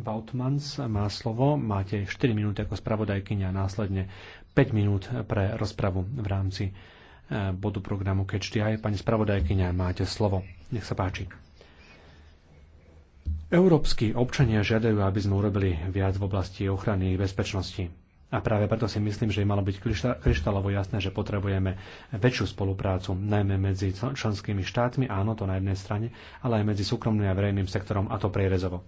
Vautmans má slovo. Máte 4 minúty ako spravodajkyňa a následne 5 minút pre rozpravu v rámci e, bodu programu Catch aj. Pani spravodajkyňa, máte slovo. Nech sa páči. Európsky občania žiadajú, aby sme urobili viac v oblasti ochrany ich bezpečnosti. A práve preto si myslím, že malo byť kryštálovo jasné, že potrebujeme väčšiu spoluprácu, najmä medzi členskými štátmi, áno, to na jednej strane, ale aj medzi súkromným a verejným sektorom, a to prierezovo.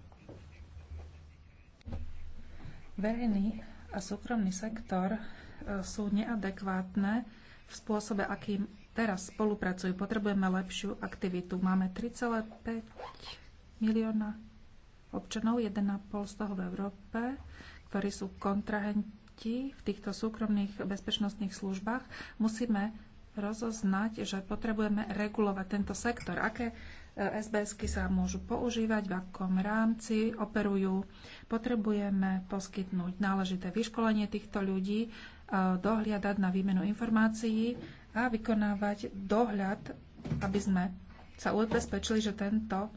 Verejný a súkromný sektor e, sú neadekvátne v spôsobe, akým teraz spolupracujú. Potrebujeme lepšiu aktivitu. Máme 3,5 milióna občanov, 1,5 z toho v Európe, ktorí sú kontrahenti v týchto súkromných bezpečnostných službách. Musíme rozoznať, že potrebujeme regulovať tento sektor. Aké SBSky sa môžu používať, v akom rámci operujú. Potrebujeme poskytnúť náležité vyškolenie týchto ľudí, e, dohliadať na výmenu informácií a vykonávať dohľad, aby sme sa ubezpečili, že tento e,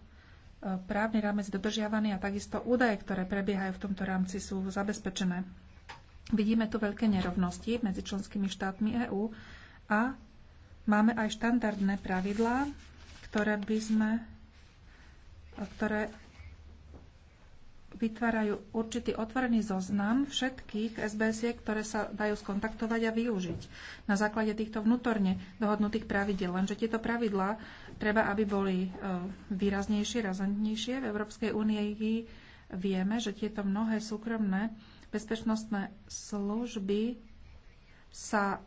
právny rámec dodržiavaný a takisto údaje, ktoré prebiehajú v tomto rámci, sú zabezpečené. Vidíme tu veľké nerovnosti medzi členskými štátmi EÚ a máme aj štandardné pravidlá, ktoré by sme, ktoré vytvárajú určitý otvorený zoznam všetkých sbs ktoré sa dajú skontaktovať a využiť na základe týchto vnútorne dohodnutých pravidel. Lenže tieto pravidlá treba, aby boli e, výraznejšie, razantnejšie. V Európskej únie vieme, že tieto mnohé súkromné bezpečnostné služby sa e,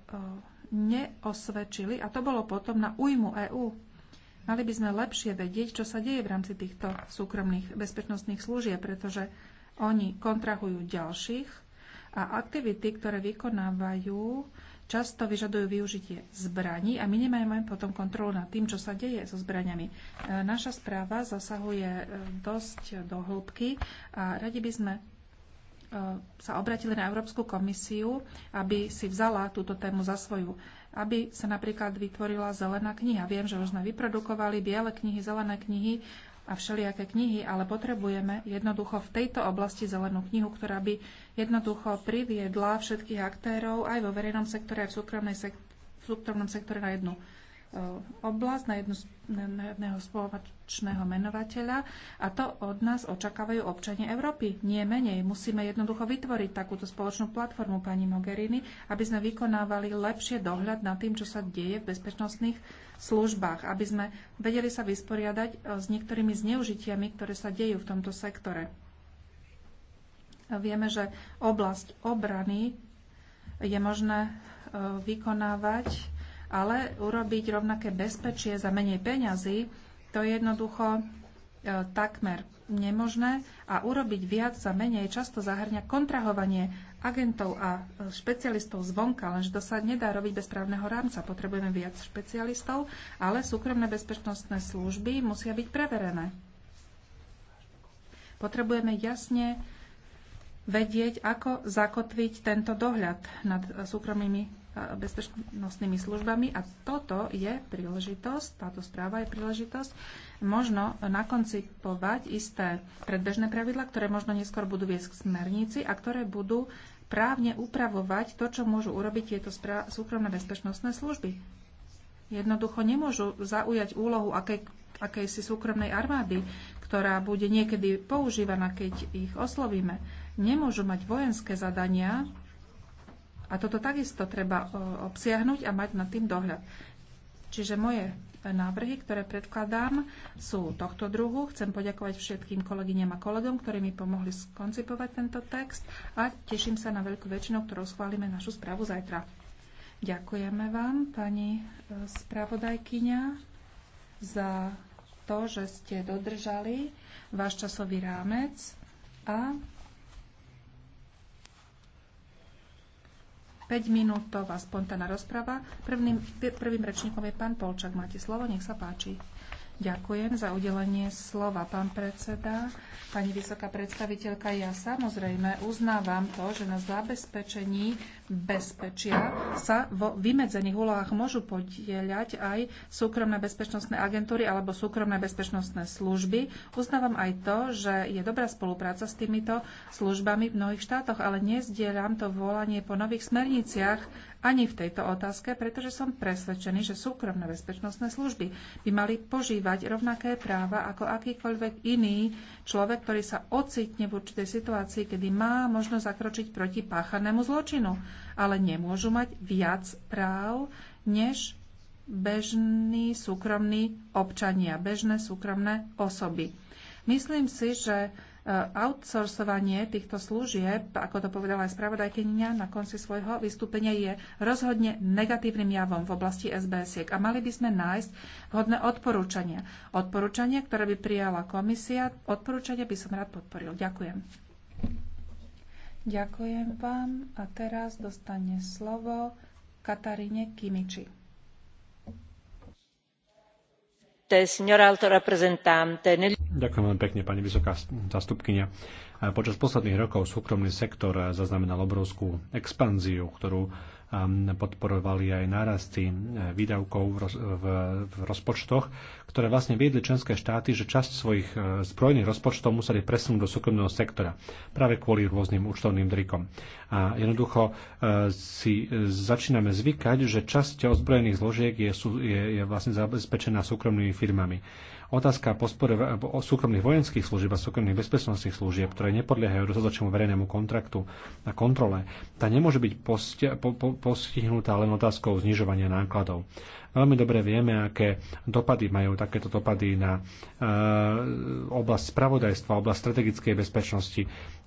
neosvedčili a to bolo potom na újmu EÚ. Mali by sme lepšie vedieť, čo sa deje v rámci týchto súkromných bezpečnostných služieb, pretože oni kontrahujú ďalších a aktivity, ktoré vykonávajú, často vyžadujú využitie zbraní a my nemáme potom kontrolu nad tým, čo sa deje so zbraniami. E, naša správa zasahuje e, dosť do hĺbky a radi by sme E, sa obratili na Európsku komisiu, aby si vzala túto tému za svoju. Aby sa napríklad vytvorila zelená kniha. Viem, že už sme vyprodukovali biele knihy, zelené knihy a všelijaké knihy, ale potrebujeme jednoducho v tejto oblasti zelenú knihu, ktorá by jednoducho priviedla všetkých aktérov aj vo verejnom sektore, aj v súkromnej v súkromnom sektore na jednu e, oblasť, na jednu jedného spoločného menovateľa a to od nás očakávajú občania Európy. Nie menej. Musíme jednoducho vytvoriť takúto spoločnú platformu pani Mogherini, aby sme vykonávali lepšie dohľad nad tým, čo sa deje v bezpečnostných službách, aby sme vedeli sa vysporiadať e, s niektorými zneužitiami, ktoré sa dejú v tomto sektore. Vieme, že oblasť obrany je možné e, vykonávať ale urobiť rovnaké bezpečie za menej peňazí, to je jednoducho e, takmer nemožné a urobiť viac za menej často zahrňa kontrahovanie agentov a e, špecialistov zvonka, lenže to sa nedá robiť bez právneho rámca. Potrebujeme viac špecialistov, ale súkromné bezpečnostné služby musia byť preverené. Potrebujeme jasne vedieť, ako zakotviť tento dohľad nad súkromnými bezpečnostnými službami a toto je príležitosť, táto správa je príležitosť možno nakoncipovať isté predbežné pravidla, ktoré možno neskôr budú viesť k smernici a ktoré budú právne upravovať to, čo môžu urobiť tieto súkromné bezpečnostné služby. Jednoducho nemôžu zaujať úlohu akej, akejsi súkromnej armády, ktorá bude niekedy používaná, keď ich oslovíme nemôžu mať vojenské zadania a toto takisto treba e, obsiahnuť a mať nad tým dohľad. Čiže moje návrhy, ktoré predkladám, sú tohto druhu. Chcem poďakovať všetkým kolegyňam a kolegom, ktorí mi pomohli skoncipovať tento text a teším sa na veľkú väčšinu, ktorou schválime našu správu zajtra. Ďakujeme vám, pani e, spravodajkyňa, za to, že ste dodržali váš časový rámec a 5 minútová spontánna rozprava. prvým rečníkom je pán Polčak. Máte slovo, nech sa páči. Ďakujem za udelenie slova, pán predseda. Pani vysoká predstaviteľka, ja samozrejme uznávam to, že na zabezpečení bezpečia sa vo vymedzených úlohách môžu podieľať aj súkromné bezpečnostné agentúry alebo súkromné bezpečnostné služby. Uznávam aj to, že je dobrá spolupráca s týmito službami v mnohých štátoch, ale nezdielam to volanie po nových smerniciach ani v tejto otázke, pretože som presvedčený, že súkromné bezpečnostné služby by mali požívať rovnaké práva ako akýkoľvek iný človek, ktorý sa ocitne v určitej situácii, kedy má možnosť zakročiť proti páchanému zločinu, ale nemôžu mať viac práv než bežní súkromní občania, bežné súkromné osoby. Myslím si, že E, outsourcovanie týchto služieb, ako to povedala aj spravodajkynia na konci svojho vystúpenia, je rozhodne negatívnym javom v oblasti SBS-iek a mali by sme nájsť vhodné odporúčania. Odporúčanie, ktoré by prijala komisia, odporúčanie by som rád podporil. Ďakujem. Ďakujem vám a teraz dostane slovo Kataríne Kimiči. Signora alto rappresentante, nel... Ďakujem veľmi pekne, pani vysoká zastupkynia. Počas posledných rokov súkromný sektor zaznamenal obrovskú expanziu, ktorú um, podporovali aj nárasty um, výdavkov v rozpočtoch, ktoré vlastne viedli členské štáty, že časť svojich uh, zbrojných rozpočtov museli presunúť do súkromného sektora práve kvôli rôznym účtovným drikom. A jednoducho uh, si uh, začíname zvykať, že časť ozbrojených zložiek je, je, je vlastne zabezpečená súkromnými firmami. Otázka po spore o súkromných vojenských služieb a súkromných bezpečnostných služieb, ktoré nepodliehajú rozhodčomu verejnému kontraktu a kontrole, tá nemôže byť posti- po- po- postihnutá len otázkou znižovania nákladov. Veľmi dobre vieme, aké dopady majú takéto dopady na e, oblasť spravodajstva, oblasť strategickej bezpečnosti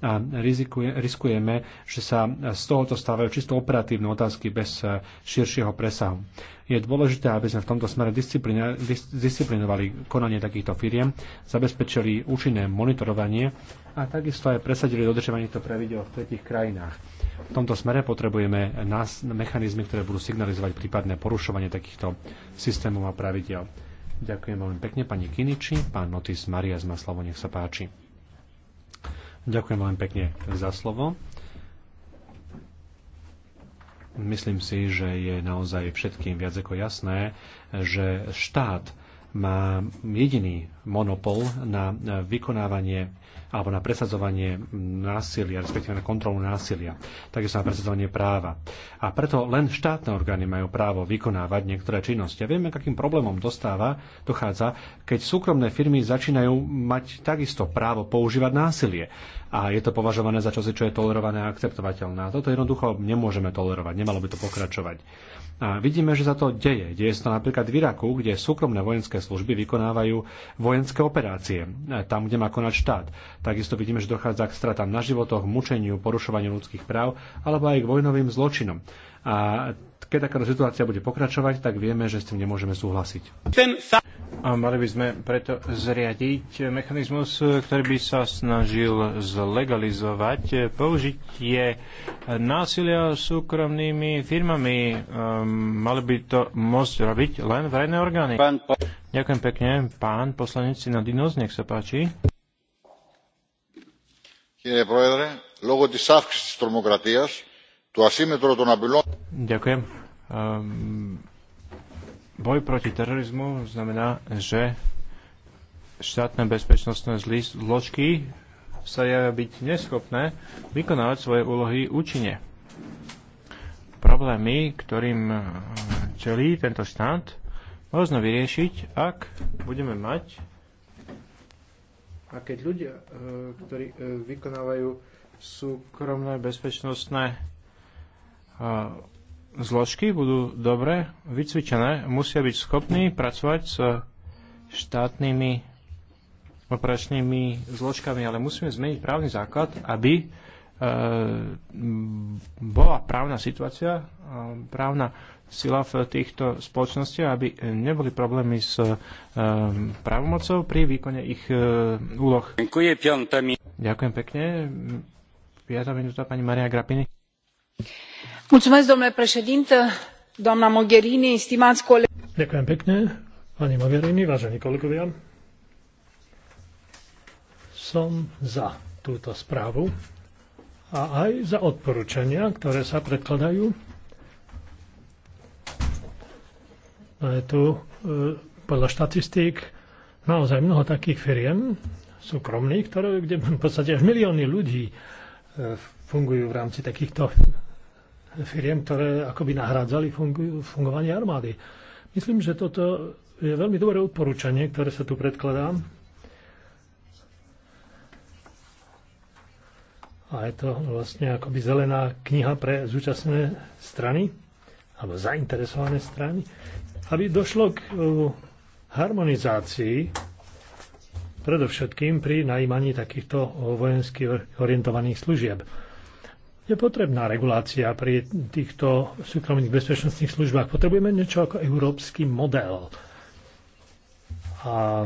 a rizikuje, riskujeme, že sa z tohoto stávajú čisto operatívne otázky bez eh, širšieho presahu. Je dôležité, aby sme v tomto smere disciplinovali konanie takýchto firiem, zabezpečili účinné monitorovanie a takisto aj presadili dodržovanie týchto pravidel v tretich krajinách. V tomto smere potrebujeme nás, mechanizmy, ktoré budú signalizovať prípadné porušovanie takýchto systémov a pravidel. Ďakujem veľmi pekne pani Kiniči, pán Notis Marias má nech sa páči. Ďakujem veľmi pekne za slovo. Myslím si, že je naozaj všetkým viac ako jasné, že štát má jediný monopol na vykonávanie alebo na presadzovanie násilia, respektíve na kontrolu násilia, takisto na presadzovanie práva. A preto len štátne orgány majú právo vykonávať niektoré činnosti. A vieme, k akým problémom dostáva, dochádza, keď súkromné firmy začínajú mať takisto právo používať násilie. A je to považované za čosi, čo je tolerované a akceptovateľné. A toto jednoducho nemôžeme tolerovať, nemalo by to pokračovať. A vidíme, že sa to deje. Deje sa to napríklad v Iraku, kde súkromné vojenské služby vykonávajú vojenské operácie, e, tam, kde má konať štát. Takisto vidíme, že dochádza k stratám na životoch, mučeniu, porušovaniu ľudských práv alebo aj k vojnovým zločinom. A keď takáto situácia bude pokračovať, tak vieme, že s tým nemôžeme súhlasiť. A mali by sme preto zriadiť mechanizmus, ktorý by sa snažil zlegalizovať použitie násilia súkromnými firmami. Ehm, mali by to môcť robiť len verejné orgány. Pán, po... Ďakujem pekne. Pán poslanec Dinoz, nech sa páči. Ďakujem ehm, Boj proti terorizmu znamená, že štátne bezpečnostné zložky sa javia byť neschopné vykonávať svoje úlohy účinne. Problémy, ktorým e, čelí tento štát, možno vyriešiť, ak budeme mať a keď ľudia, e, ktorí e, vykonávajú súkromné bezpečnostné zložky budú dobre vycvičené, musia byť schopní pracovať s štátnymi operačnými zložkami, ale musíme zmeniť právny základ, aby e, bola právna situácia, právna sila v týchto spoločnostiach, aby neboli problémy s e, právomocou pri výkone ich e, úloh. Ďakujem pekne. 5. minúta pani Maria Grapini domnule președinte doamnă mogherini stimați colegi Ďakujem pekne, pani Mogherini, vážení kolegovia. Som za túto správu a aj za odporúčania, ktoré sa predkladajú. je tu e, podľa štatistík naozaj mnoho takých firiem súkromných, ktoré, kde v podstate až milióny ľudí e, fungujú v rámci takýchto firiem, ktoré akoby nahrádzali fungovanie armády. Myslím, že toto je veľmi dobré odporúčanie, ktoré sa tu predkladá. A je to vlastne akoby zelená kniha pre zúčastnené strany, alebo zainteresované strany, aby došlo k e, harmonizácii predovšetkým pri najímaní takýchto vojensky orientovaných služieb je potrebná regulácia pri týchto súkromných bezpečnostných službách. Potrebujeme niečo ako európsky model. A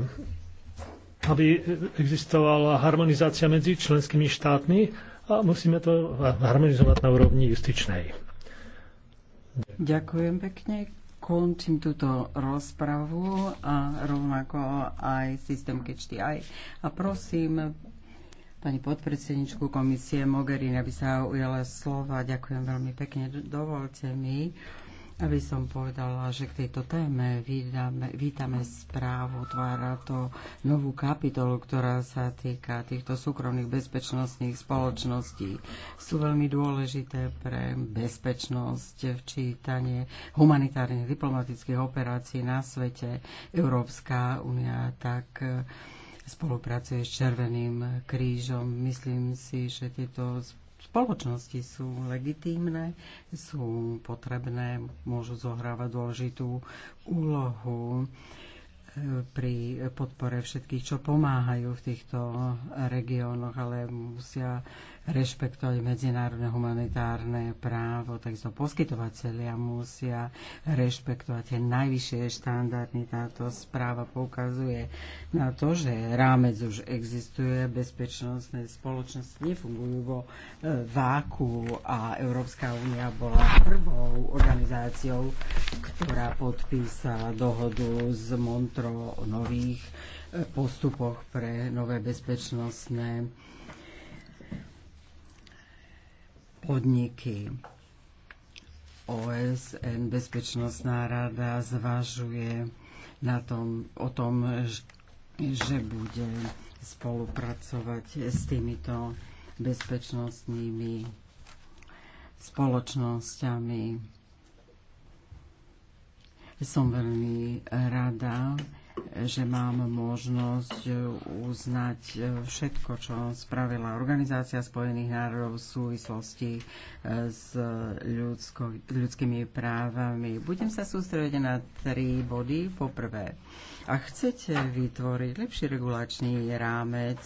aby existovala harmonizácia medzi členskými štátmi a musíme to harmonizovať na úrovni justičnej. Ďakujem pekne. Končím túto rozpravu a rovnako aj systém KHTI. A prosím pani podpredsedničku komisie Mogherini, aby sa ujala slova. Ďakujem veľmi pekne. Dovolte mi, aby som povedala, že k tejto téme vítame, vítame správu, tvára to novú kapitolu, ktorá sa týka týchto súkromných bezpečnostných spoločností. Sú veľmi dôležité pre bezpečnosť, včítanie humanitárnych diplomatických operácií na svete. Európska únia tak spolupracuje s Červeným krížom. Myslím si, že tieto spoločnosti sú legitímne, sú potrebné, môžu zohrávať dôležitú úlohu eh, pri podpore všetkých, čo pomáhajú v týchto regiónoch, ale musia rešpektovať medzinárodné humanitárne právo, takisto poskytovateľia musia rešpektovať tie najvyššie štandardy. Táto správa poukazuje na to, že rámec už existuje, bezpečnostné spoločnosti nefungujú vo e, váku a Európska únia bola prvou organizáciou, ktorá podpísala dohodu z Montro o nových e, postupoch pre nové bezpečnostné podniky. OSN Bezpečnostná rada zvažuje na tom, o tom, že bude spolupracovať s týmito bezpečnostnými spoločnosťami. Som veľmi rada, že mám možnosť uznať všetko, čo spravila Organizácia spojených národov v súvislosti eh, s ľudsko, ľudskými právami. Budem sa sústrediť na tri body. Poprvé, ak chcete vytvoriť lepší regulačný rámec,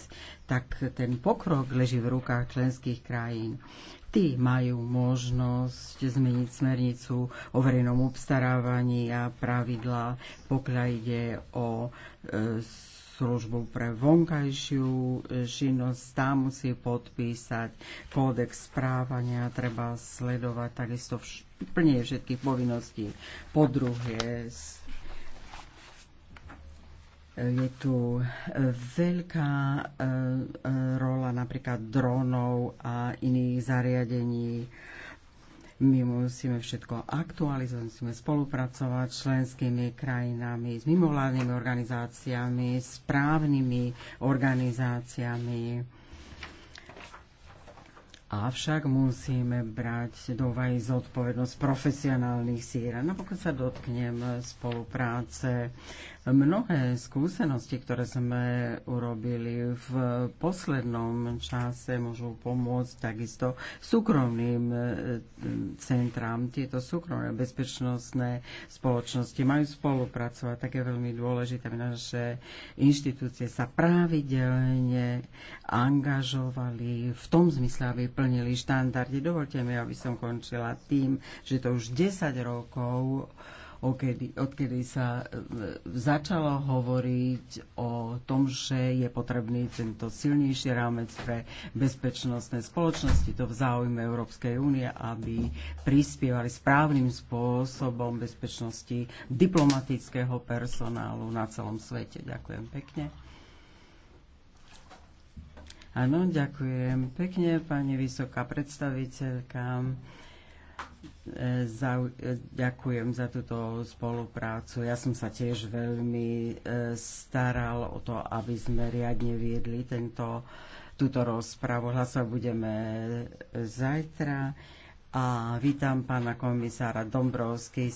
tak ten pokrok leží v rukách členských krajín tí majú možnosť zmeniť smernicu o verejnom obstarávaní a pravidla pokiaľ ide o e, službu pre vonkajšiu činnosť. Tam musí podpísať kódex správania, treba sledovať takisto plne všetkých povinností. Po druhé, je tu e, veľká e, e, rola napríklad dronov a iných zariadení. My musíme všetko aktualizovať, musíme spolupracovať s členskými krajinami, s mimovládnymi organizáciami, s právnymi organizáciami. Avšak musíme brať do úvahy zodpovednosť profesionálnych sír. A napokon sa dotknem spolupráce Mnohé skúsenosti, ktoré sme urobili v poslednom čase, môžu pomôcť takisto súkromným e, centrám. Tieto súkromné bezpečnostné spoločnosti majú spolupracovať, tak je veľmi dôležité, aby naše inštitúcie sa pravidelne angažovali v tom zmysle, aby plnili štandardy. Dovolte mi, aby som končila tým, že to už 10 rokov odkedy, odkedy sa e, začalo hovoriť o tom, že je potrebný tento silnejší rámec pre bezpečnostné spoločnosti, to v záujme Európskej únie, aby prispievali správnym spôsobom bezpečnosti diplomatického personálu na celom svete. Ďakujem pekne. Áno, ďakujem pekne, pani vysoká predstaviteľka. E, e, ďakujem za túto spoluprácu. Ja som sa tiež veľmi e, staral o to, aby sme riadne viedli tento, túto rozpravu. Hlasovať budeme zajtra. A vítam pána komisára Dombrovský.